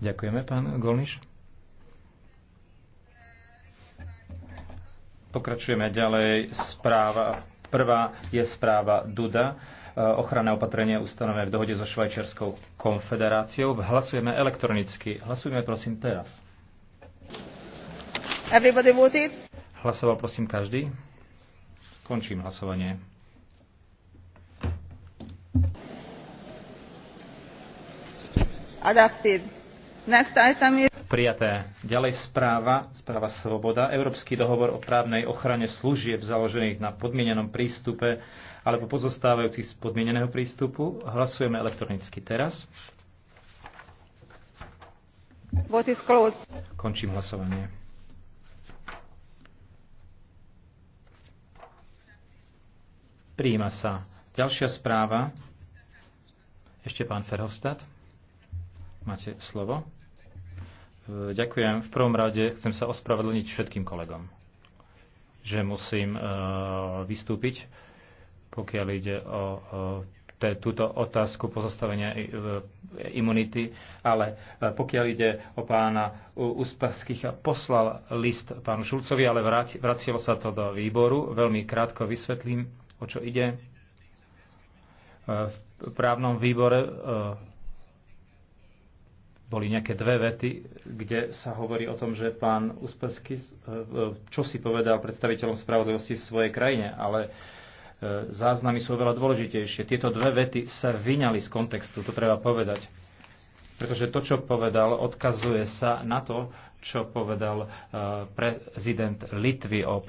Ďakujeme, pán Golniš. Pokračujeme ďalej. Správa, prvá je správa Duda. E, ochranné opatrenie ustanovené v dohode so Švajčiarskou konfederáciou. Hlasujeme elektronicky. Hlasujeme prosím teraz. Everybody voted? Hlasoval prosím každý. Končím hlasovanie. Adapted. Prijaté. Ďalej správa, správa Svoboda, Európsky dohovor o právnej ochrane služieb založených na podmienenom prístupe alebo pozostávajúcich z podmieneného prístupu. Hlasujeme elektronicky teraz. Končím hlasovanie. Prijíma sa. Ďalšia správa. Ešte pán Ferhovstad. Máte slovo. E, ďakujem. V prvom rade chcem sa ospravedlniť všetkým kolegom, že musím e, vystúpiť, pokiaľ ide o túto otázku pozastavenia e, imunity, ale pokiaľ ide o pána Uspaských, poslal list pánu Šulcovi, ale vracilo sa to do výboru. Veľmi krátko vysvetlím, o čo ide. V právnom výbore boli nejaké dve vety, kde sa hovorí o tom, že pán Uspensky e, čo si povedal predstaviteľom spravodlivosti v svojej krajine, ale e, záznamy sú oveľa dôležitejšie. Tieto dve vety sa vyňali z kontextu, to treba povedať. Pretože to, čo povedal, odkazuje sa na to, čo povedal eh, prezident Litvy o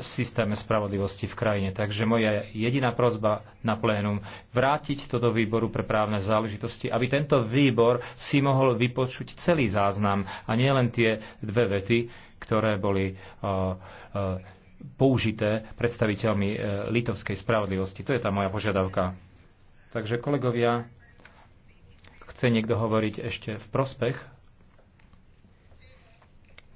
systéme spravodlivosti v krajine. Takže moja jediná prozba na plénum vrátiť to do výboru pre právne záležitosti, aby tento výbor si mohol vypočuť celý záznam a nie len tie dve vety, ktoré boli eh, eh, použité predstaviteľmi litovskej spravodlivosti. To je tá moja požiadavka. Takže kolegovia, chce niekto hovoriť ešte v prospech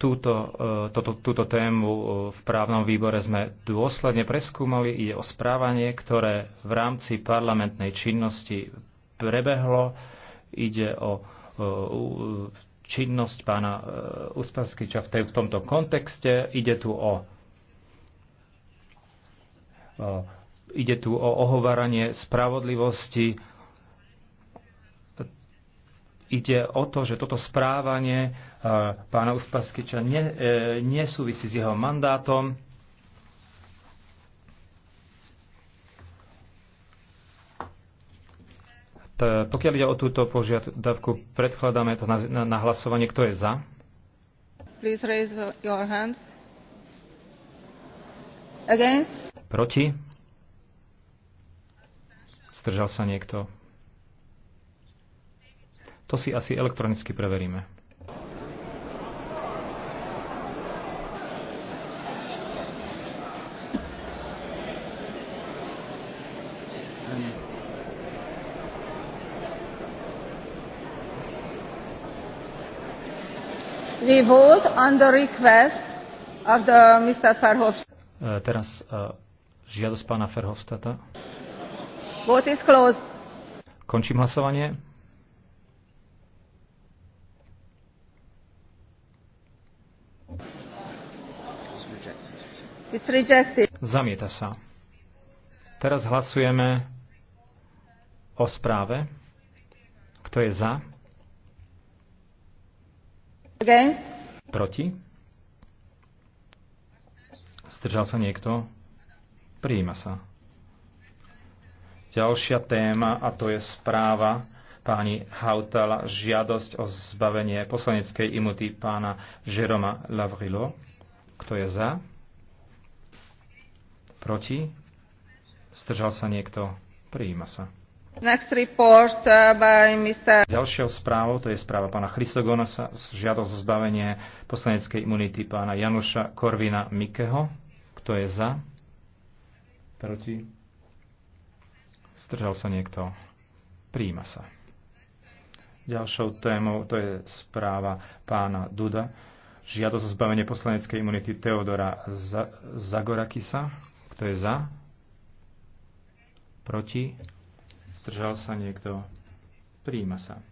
Túto, e, toto, túto tému e, v právnom výbore sme dôsledne preskúmali. Ide o správanie, ktoré v rámci parlamentnej činnosti prebehlo. Ide o e, činnosť pána Uspanskyča v, v tomto kontexte. Ide tu o, o Ide tu o ohovaranie spravodlivosti ide o to, že toto správanie e, pána Uspaskyča ne, e, nesúvisí s jeho mandátom. Pokiaľ ide o túto požiadavku, predkladáme to na, na, na hlasovanie. Kto je za? Please raise your hand. Against? Proti? Zdržal sa niekto? To si asi elektronicky preveríme. We vote on the request of the Mr. Verhofstadt. Uh, teraz uh, žiadosť pána Verhofstadta. Vote is closed. Končím hlasovanie. Zamieta sa. Teraz hlasujeme o správe. Kto je za? Against? Proti? Zdržal sa niekto? Prijíma sa. Ďalšia téma, a to je správa páni Hautala, žiadosť o zbavenie poslaneckej imuty pána Žeroma Lavrilo. Kto je za? Proti? Zdržal sa niekto? Prijíma sa. Next report uh, by Mr. Ďalšou správou, to je správa pána Christogonosa, žiadosť o zbavenie poslaneckej imunity pána Januša Korvina Mikeho. Kto je za? Proti? Zdržal sa niekto? Prijíma sa. Ďalšou témou to je správa pána Duda. Žiadosť o zbavenie poslaneckej imunity Teodora Zagorakisa. Kto je za? Proti? Zdržal sa niekto? Príjima sa.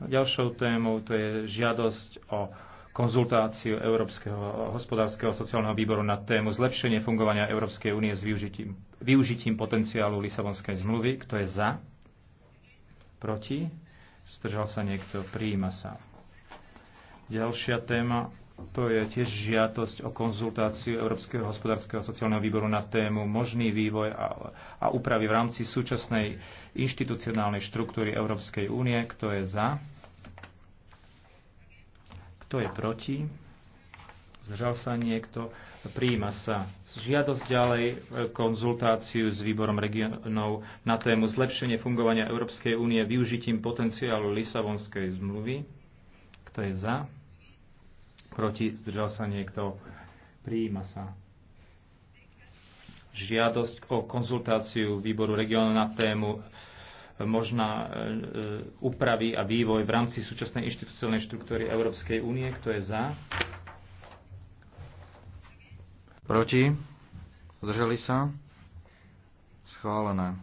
A ďalšou témou to je žiadosť o konzultáciu Európskeho hospodárskeho sociálneho výboru na tému zlepšenie fungovania Európskej únie s využitím, využitím potenciálu Lisabonskej zmluvy. Kto je za? Proti? Zdržal sa niekto? Príjima sa. Ďalšia téma to je tiež žiadosť o konzultáciu Európskeho hospodárskeho a sociálneho výboru na tému možný vývoj a, a úpravy v rámci súčasnej inštitucionálnej štruktúry Európskej únie. Kto je za? Kto je proti? Zdržal sa niekto? Príjima sa. Žiadosť ďalej e, konzultáciu s výborom regionov na tému zlepšenie fungovania Európskej únie využitím potenciálu Lisabonskej zmluvy. Kto je za? proti, zdržal sa niekto, prijíma sa. Žiadosť o konzultáciu výboru regionu na tému e, možná e, e, úpravy a vývoj v rámci súčasnej inštitúciálnej štruktúry Európskej únie. Kto je za? Proti? Zdržali sa? Schválené.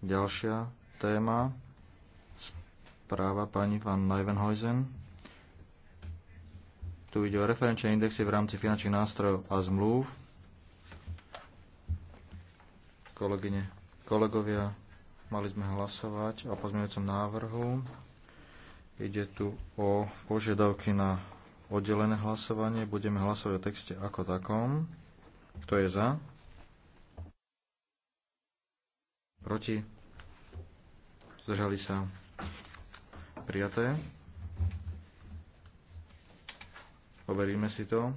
Ďalšia téma. Správa pani pán Leivenhuizen tu ide o referenčné indexy v rámci finančných nástrojov a zmluv. Kolegyne, kolegovia, mali sme hlasovať o pozmeňujúcom návrhu. Ide tu o požiadavky na oddelené hlasovanie. Budeme hlasovať o texte ako takom. Kto je za? Proti? Zdržali sa? Prijaté. Overíme si to.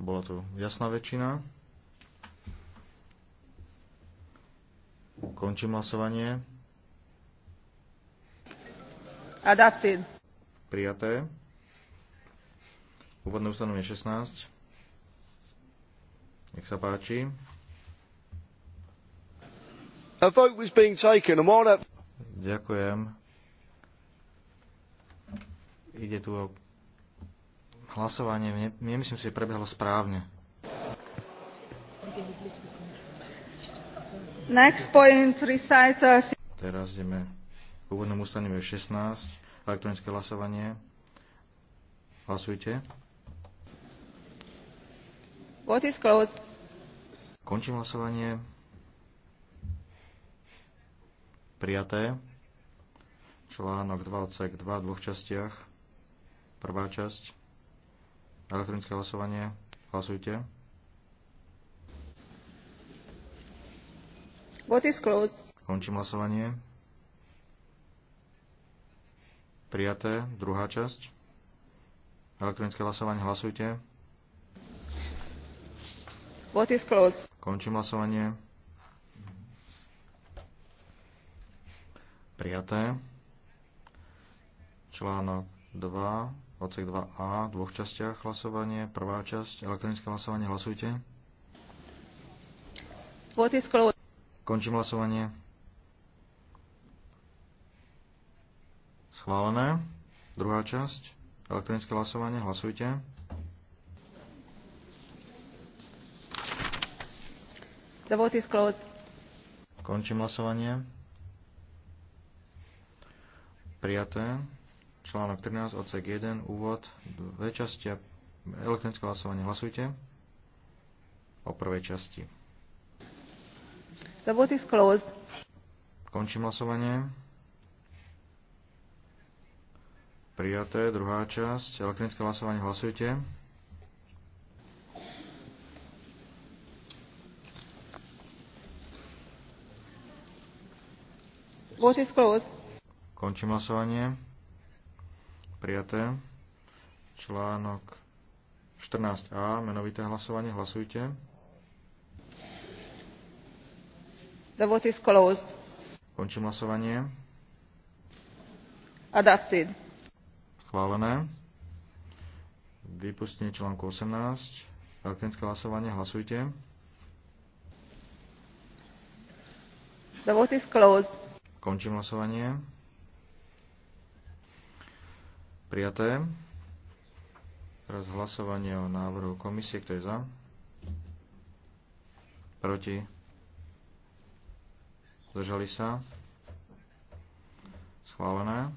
Bola tu jasná väčšina. Končím hlasovanie. Adapted. Prijaté. Úvodné ustanovenie 16. Nech sa páči. Ďakujem Ide tu o hlasovanie. Nemyslím si, že prebehlo správne. Next point, recitals. Teraz ideme k úvodnom ustanoveniu 16, elektronické hlasovanie. Hlasujte. What is closed? Končím hlasovanie. Prijaté. Článok 2 odsek 2 v dvoch častiach. Prvá časť. Elektronické hlasovanie. Hlasujte. Vote is closed. Končím hlasovanie. Prijaté. Druhá časť. Elektronické hlasovanie. Hlasujte. Vote is closed. Končím hlasovanie. Prijaté. Článok 2 odsek 2a v dvoch častiach hlasovanie. Prvá časť, elektronické hlasovanie, hlasujte. Končím hlasovanie. Schválené. Druhá časť, elektronické hlasovanie, hlasujte. The vote is closed. Končím hlasovanie. Prijaté článok 13, odsek 1, úvod, dve časti a elektronické hlasovanie. Hlasujte o prvej časti. The vote is closed. Končím hlasovanie. Prijaté, druhá časť, elektronické hlasovanie, hlasujte. Vote is closed. Končím hlasovanie prijaté. Článok 14a, menovité hlasovanie, hlasujte. The vote is closed. Končím hlasovanie. Adapted. Schválené. Vypustenie článku 18. Elektronické hlasovanie, hlasujte. The vote is closed. Končím hlasovanie. Prijaté. Teraz hlasovanie o návrhu komisie. Kto je za? Proti? Zdržali sa? Schválené.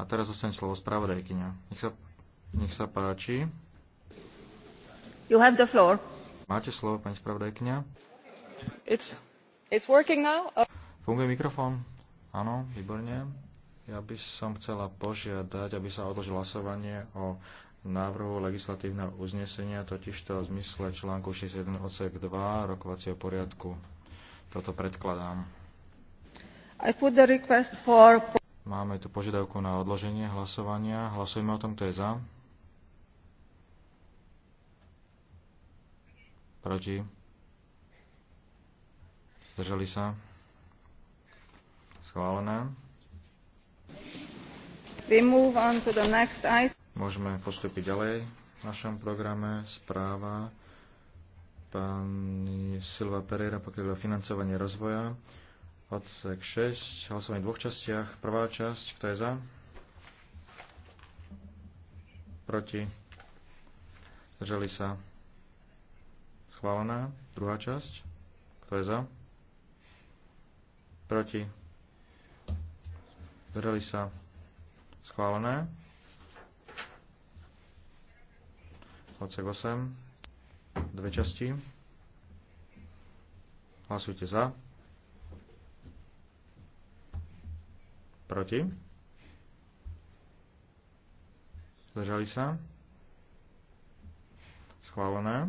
A teraz zostane slovo spravodajkyňa. Nech sa, nech sa páči. You have the floor. Máte slovo, pani spravodajkyňa. It's, it's working now. Funguje mikrofón? Áno, výborne. Ja by som chcela požiadať, aby sa odložilo hlasovanie o návrhu legislatívneho uznesenia, totiž to v zmysle článku 61 odsek 2 rokovacieho poriadku. Toto predkladám. I put the request for... Máme tu požiadavku na odloženie hlasovania. Hlasujeme o tom, kto je za. Proti? Zdržali sa? Schválená. Môžeme postúpiť ďalej v našom programe. Správa pani Silva Pereira pokiaľ financovanie rozvoja. Odsek 6, hlasovanie v dvoch častiach. Prvá časť, kto je za? Proti? Zdržali sa? Schválená. Druhá časť, kto je za? Proti? Vydali sa? Schválené. Odsek 8. Dve časti. Hlasujte za. Proti. Zdržali sa. Schválené.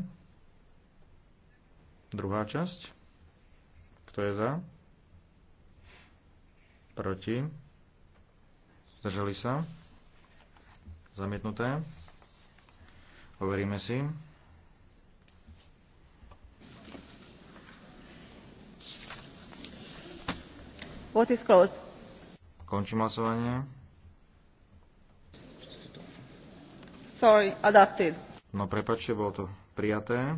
Druhá časť. Kto je za? Proti. Zdržali sa? Zamietnuté? Overíme si. Vote is closed. Končím hlasovanie. Sorry, adapted. No prepačte, bolo to prijaté.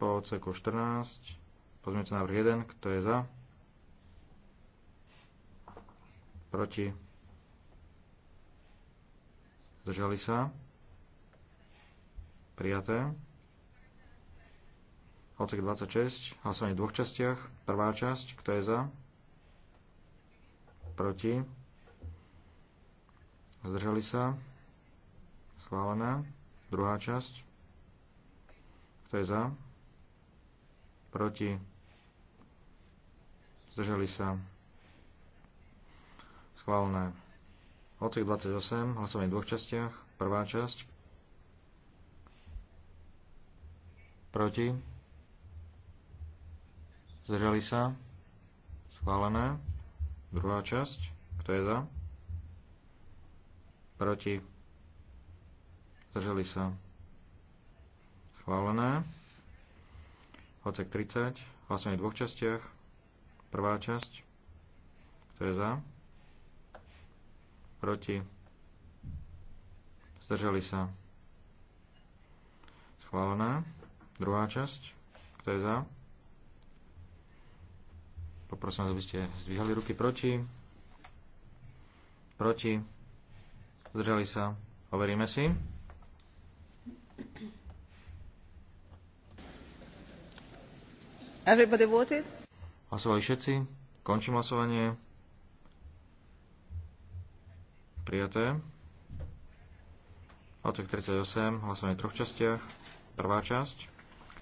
Po odseku 14, pozmeňujúci návrh 1, kto je za? Proti? Zdržali sa? Prijaté. Odsek 26. Hlasovanie v dvoch častiach. Prvá časť. Kto je za? Proti. Zdržali sa? Schválená. Druhá časť. Kto je za? Proti. Zdržali sa? Schválené. Odsek 28, hlasovanie v dvoch častiach. Prvá časť. Proti. Zdržali sa. Schválené. Druhá časť. Kto je za? Proti. Zdržali sa. Schválené. Odsek 30. Hlasovanie v dvoch častiach. Prvá časť. Kto je za? proti, zdržali sa. Schválená. Druhá časť, kto je za? Poprosím vás, aby ste zdvíhali ruky proti, proti, zdržali sa. Overíme si. Everybody voted? Hlasovali všetci. Končím hlasovanie prijaté. Odsek 38, hlasovanie v troch častiach. Prvá časť,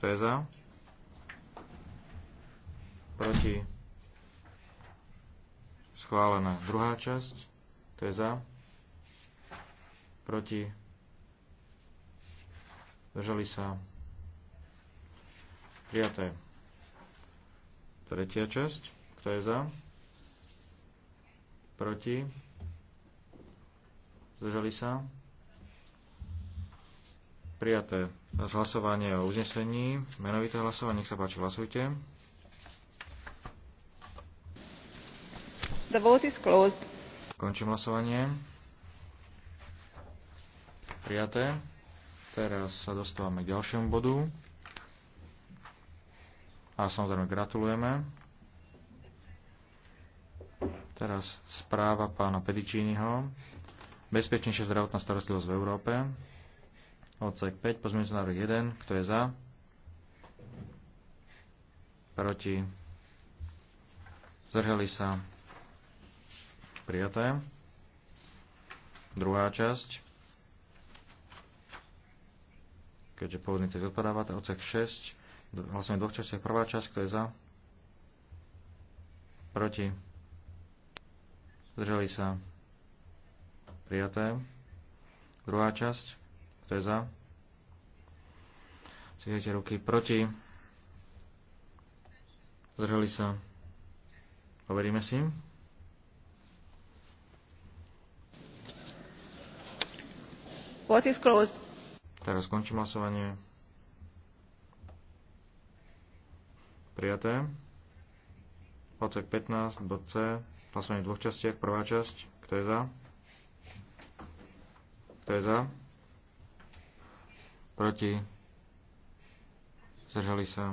kto je za? Proti? Schválená druhá časť, kto je za? Proti? Držali sa? Prijaté. Tretia časť, kto je za? Proti? Zdržali sa? Prijaté. Teraz hlasovanie o uznesení. Menovité hlasovanie. Nech sa páči, hlasujte. The vote is closed. Končím hlasovanie. Prijaté. Teraz sa dostávame k ďalšiemu bodu. A samozrejme gratulujeme. Teraz správa pána Pedicínyho. Bezpečnejšia zdravotná starostlivosť v Európe. Odsek 5, pozmeňujúci návrh 1. Kto je za? Proti? Zdržali sa? Prijaté. Druhá časť. Keďže pôvodný text odpadáva, odsek 6. Hlasujeme dvoch častiach. Prvá časť, kto je za? Proti? Zdržali sa? Prijaté. Druhá časť. Kto je za? Zvíjate ruky proti. Zdržali sa. Overíme si. What is closed? Teraz skončím hlasovanie. Prijaté. Odsek 15, bod C. Hlasovanie v dvoch častiach. Prvá časť. Kto je za? Kto je za? Proti? Zdržali sa?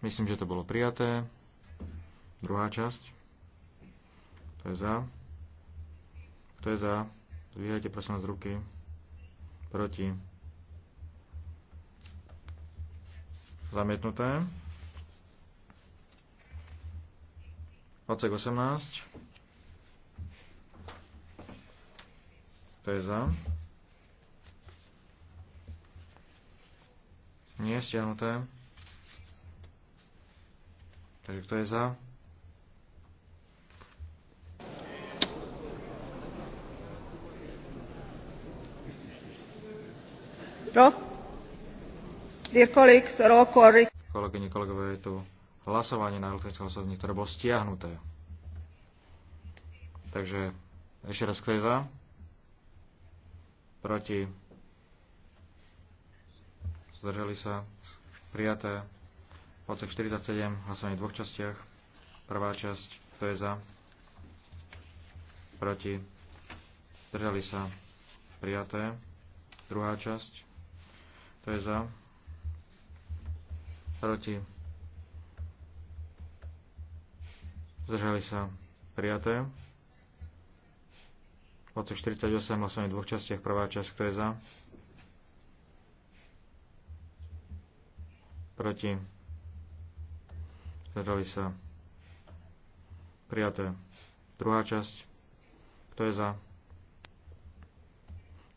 Myslím, že to bolo prijaté. Druhá časť. To je za? Kto je za? Zvíhajte prosím z ruky. Proti? Zamietnuté. Odsek 18. Nie je stiahnuté. Takže kto je za? Ro? Dear colleagues, roll call. Kolegyne, kolegové, je tu hlasovanie na elektronické hlasovanie, ktoré bolo stiahnuté. Takže ešte raz kto je za? proti, zdržali sa, prijaté, odsek 47, hlasovanie v dvoch častiach, prvá časť, kto je za, proti, zdržali sa, prijaté, druhá časť, kto je za, proti, zdržali sa, prijaté, Odsek 48 hlasovanie v dvoch častiach. Prvá časť, kto je za? Proti? Zdržali sa? Prijaté. Druhá časť. Kto je za?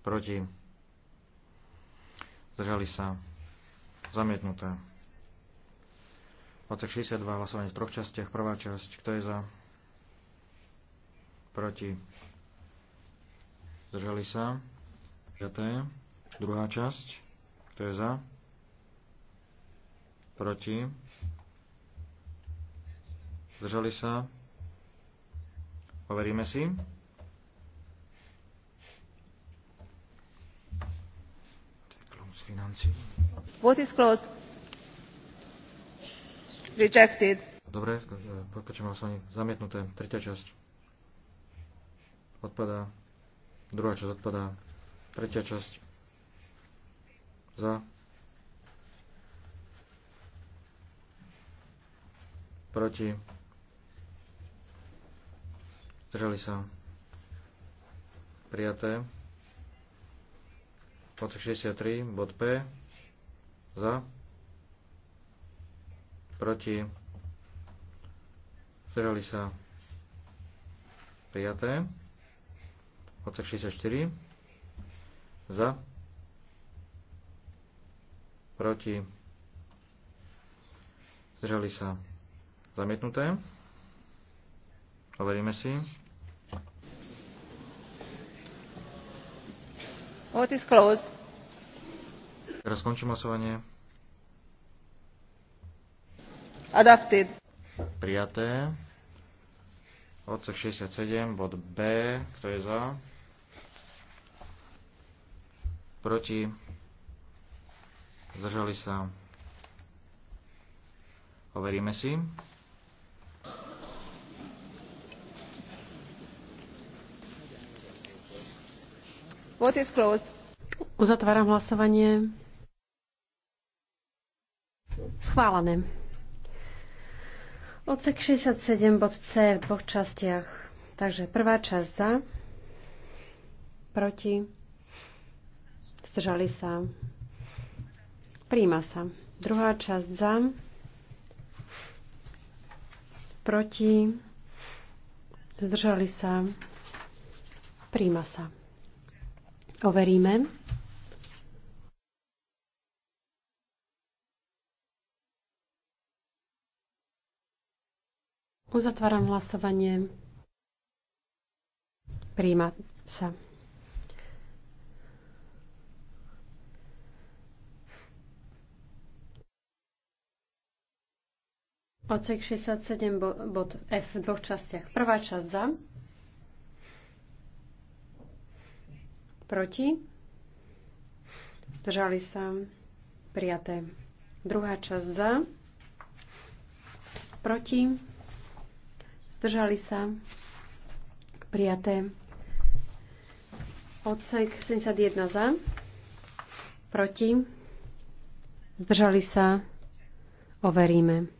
Proti? Zdržali sa? Zamietnuté. Odsek 62 hlasovanie v troch častiach. Prvá časť. Kto je za? Proti? Zdržali sa. Prijaté. Druhá časť. Kto je za? Proti. Zdržali sa. Overíme si. financí. is closed. Rejected. Dobre, e, pokračujem hlasovanie. Zamietnuté. Tretia časť. Odpadá. Druhá časť odpadá. Tretia časť za. Proti. Zdržali sa. Prijaté. Odsek 63, bod P. Za. Proti. Zdržali sa. Prijaté. Odsek 64. Za. Proti. Zdržali sa. Zamietnuté. Overíme si. Vot is closed. Teraz skončím hlasovanie. Adapted. Prijaté. Odsek 67, bod B. Kto je za? proti, zdržali sa, overíme si. is closed. Uzatváram hlasovanie. Schválené. Odsek 67 bod C v dvoch častiach. Takže prvá časť za, proti, Zdržali sa. Príjma sa. Druhá časť za. Proti. Zdržali sa. Príjma sa. Overíme. Uzatváram hlasovanie. Príjma sa. Odsek 67 bod F v dvoch častiach. Prvá časť za. Proti. Zdržali sa. Prijaté. Druhá časť za. Proti. Zdržali sa. Prijaté. Odsek 71 za. Proti. Zdržali sa. Overíme.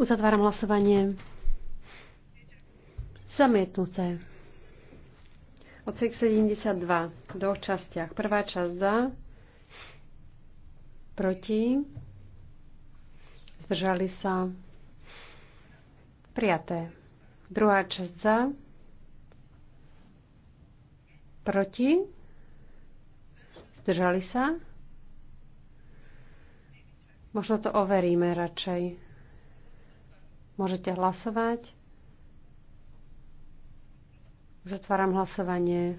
Uzatváram hlasovanie. Zamietnuté. Odsek 72 v dvoch častiach. Prvá časť za, proti, zdržali sa, prijaté. Druhá časť za, proti, zdržali sa. Možno to overíme radšej. Môžete hlasovať. Zatváram hlasovanie.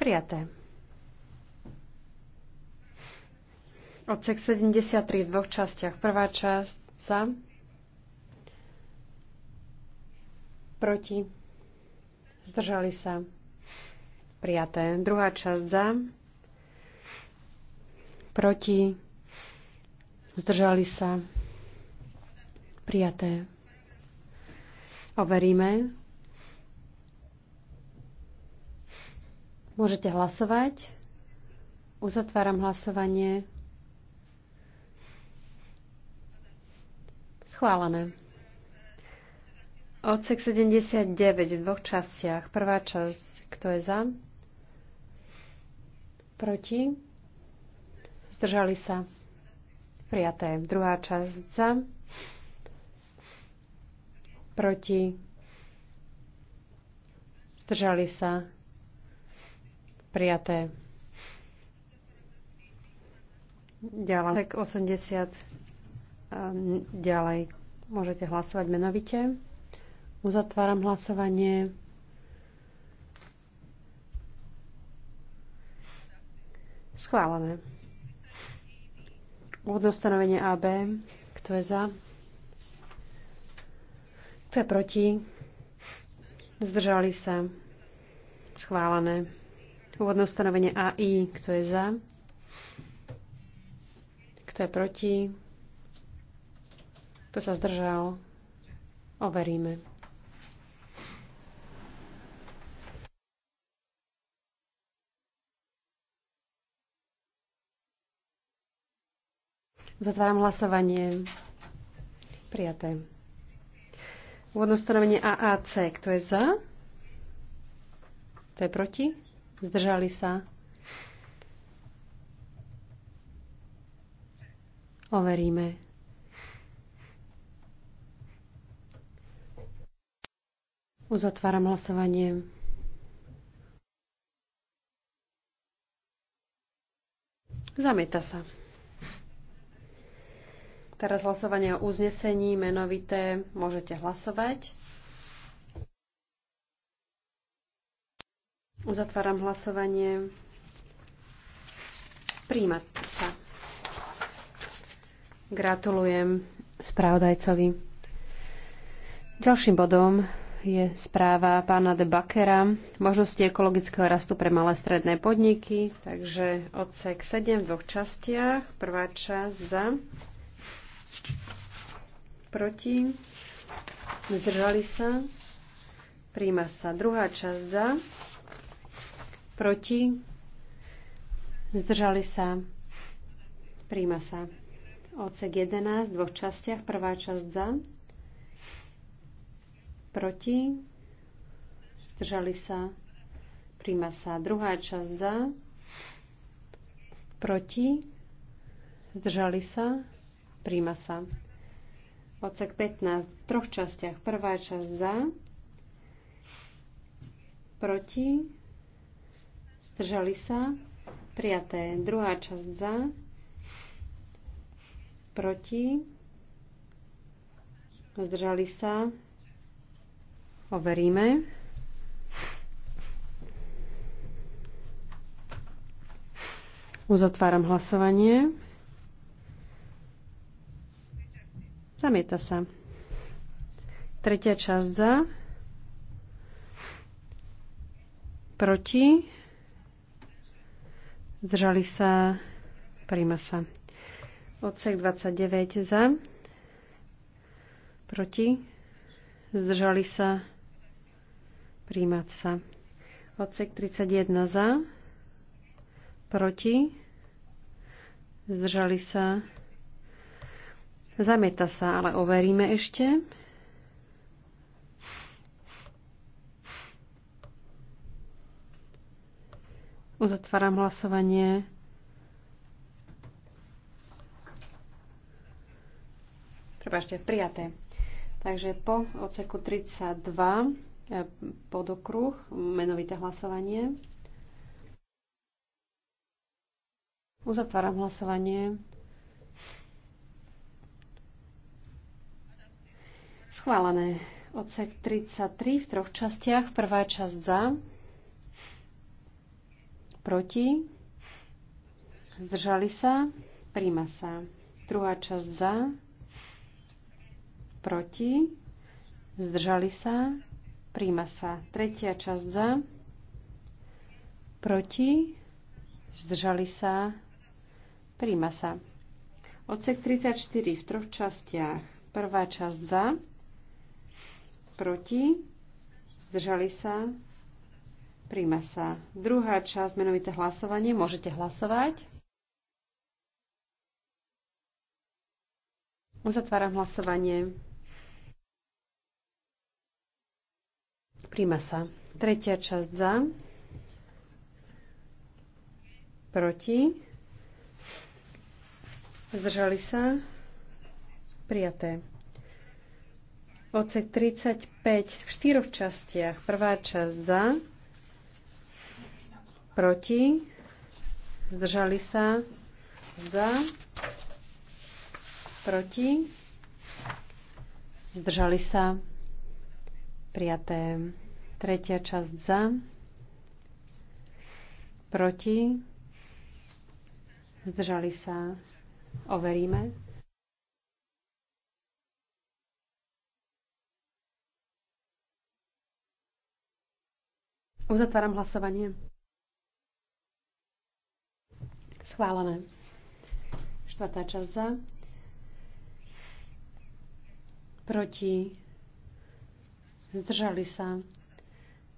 Prijaté. Odsek 73 v dvoch častiach. Prvá časť za. Proti. Zdržali sa. Prijaté. Druhá časť za. Proti Zdržali sa? Prijaté. Overíme. Môžete hlasovať. Uzatváram hlasovanie. Schválené. Odsek 79 v dvoch častiach. Prvá časť, kto je za? Proti? Zdržali sa. Prijaté. Druhá časť za. Proti. Zdržali sa. Prijaté. Ďalej. Tak 80. Ďalej. Môžete hlasovať menovite. Uzatváram hlasovanie. Schválené. Úvodné stanovenie AB. Kto je za? Kto je proti? Zdržali sa. Schválené. Úvodné stanovenie AI. Kto je za? Kto je proti? Kto sa zdržal? Overíme. Uzatváram hlasovanie. Prijaté. Úvodné stanovenie AAC. Kto je za? Kto je proti? Zdržali sa? Overíme. Uzatváram hlasovanie. Zamieta sa. Teraz hlasovanie o uznesení menovité. Môžete hlasovať. Uzatváram hlasovanie. Príjma sa. Gratulujem správodajcovi. Ďalším bodom je správa pána de Bakera, možnosti ekologického rastu pre malé stredné podniky, takže odsek 7 v dvoch častiach, prvá časť za, proti, zdržali sa, príjma sa druhá časť za, proti, zdržali sa, príjma sa. Ocek 11 v dvoch častiach, prvá časť za, proti, zdržali sa, príjma sa druhá časť za, proti, zdržali sa, Príjma sa. Odsek 15 v troch častiach. Prvá časť za, proti, zdržali sa, prijaté. Druhá časť za, proti, zdržali sa, overíme. Uzatváram hlasovanie. Zamieta sa. Tretia časť za. Proti. Zdržali sa. Príjma sa. Odsek 29 za. Proti. Zdržali sa. Príjmať sa. Odsek 31 za. Proti. Zdržali sa. Zamieta sa, ale overíme ešte. Uzatváram hlasovanie. Prepašte, prijaté. Takže po odseku 32 e, pod okruh, menovité hlasovanie. Uzatváram hlasovanie. Schválené. Odsek 33 v troch častiach. Prvá časť za. Proti. Zdržali sa. Príjma sa. Druhá časť za. Proti. Zdržali sa. Príjma sa. Tretia časť za. Proti. Zdržali sa. Príjma sa. Odsek 34 v troch častiach. Prvá časť za proti, zdržali sa, príjma sa. Druhá časť, menovité hlasovanie, môžete hlasovať. Uzatváram hlasovanie. Príjma sa. Tretia časť za, proti, zdržali sa, prijaté. Oce 35 v štyroch častiach. Prvá časť za, proti, zdržali sa, za, proti, zdržali sa, prijaté. Tretia časť za, proti, zdržali sa, overíme. Uzatváram hlasovanie. Schválené. Štvrtá časť za. Proti. Zdržali sa.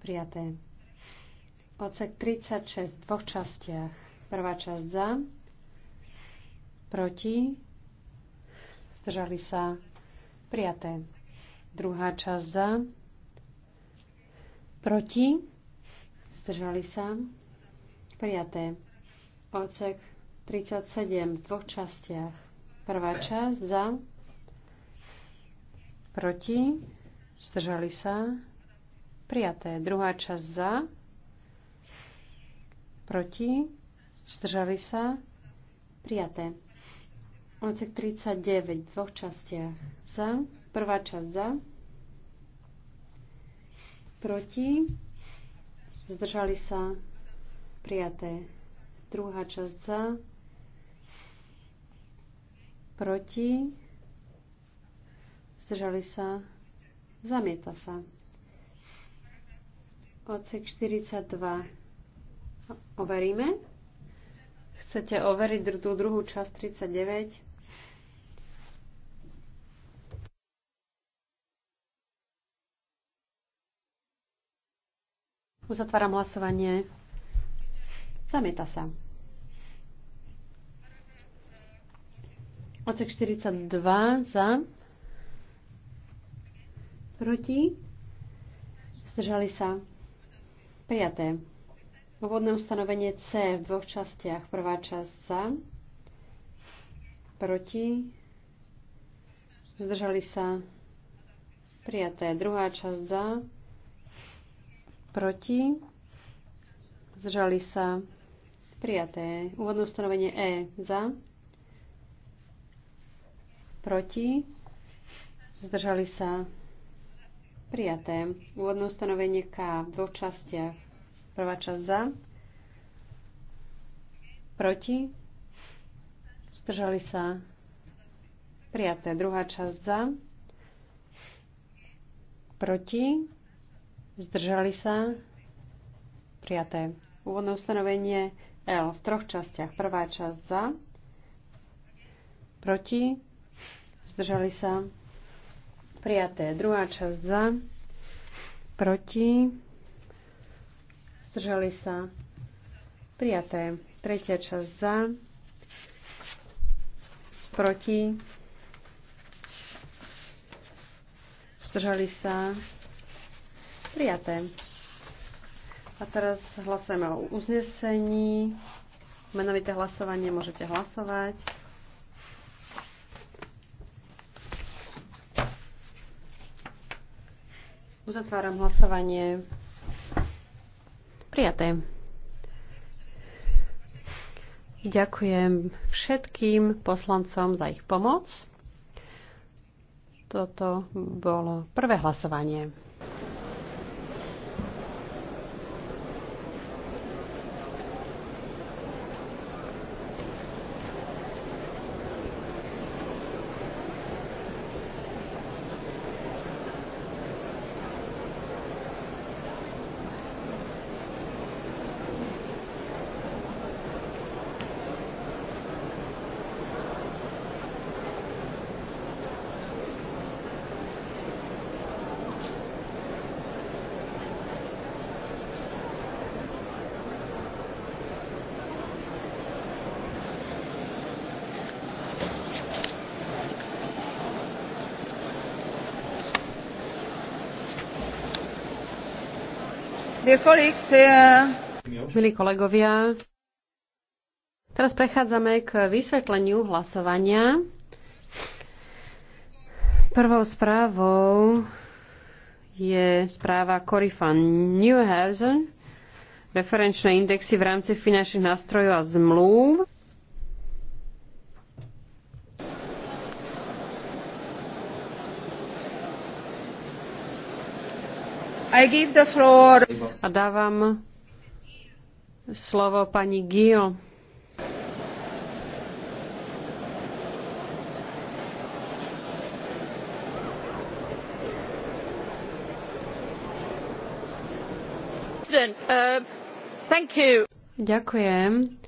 Prijaté. Odsek 36 v dvoch častiach. Prvá časť za. Proti. Zdržali sa. Prijaté. Druhá časť za. Proti Zdržali sa? Prijaté. Ocek 37 v dvoch častiach. Prvá časť za, proti, zdržali sa, prijaté. Druhá časť za, proti, zdržali sa, prijaté. ocek 39 v dvoch častiach. Za, prvá časť za, proti, zdržali sa, prijaté. Druhá časť za, proti, zdržali sa, zamieta sa. Odsek 42 overíme. Chcete overiť tú druhú časť 39? Uzatváram hlasovanie. Zamieta sa. Ocek 42 za. Proti. Zdržali sa. Prijaté. Úvodné ustanovenie C v dvoch častiach. Prvá časť za. Proti. Zdržali sa. Prijaté. Druhá časť za proti, zdržali sa, prijaté. Úvodné ustanovenie E za, proti, zdržali sa, prijaté. Úvodné ustanovenie K v dvoch častiach. Prvá časť za, proti, zdržali sa, prijaté. Druhá časť za, proti, Zdržali sa? Prijaté. Úvodné ustanovenie L v troch častiach. Prvá časť za, proti, zdržali sa, prijaté. Druhá časť za, proti, zdržali sa, prijaté. Tretia časť za, proti, zdržali sa, Prijaté. A teraz hlasujeme o uznesení. Menovité hlasovanie môžete hlasovať. Uzatváram hlasovanie. Prijaté. Ďakujem všetkým poslancom za ich pomoc. Toto bolo prvé hlasovanie. Eh, Milí kolegovia, teraz prechádzame k vysvetleniu hlasovania. Prvou správou je správa Cory van Newhausen, referenčné indexy v rámci finančných nástrojov a zmluv. A dávam slovo pani Gio. Uh, Ďakujem.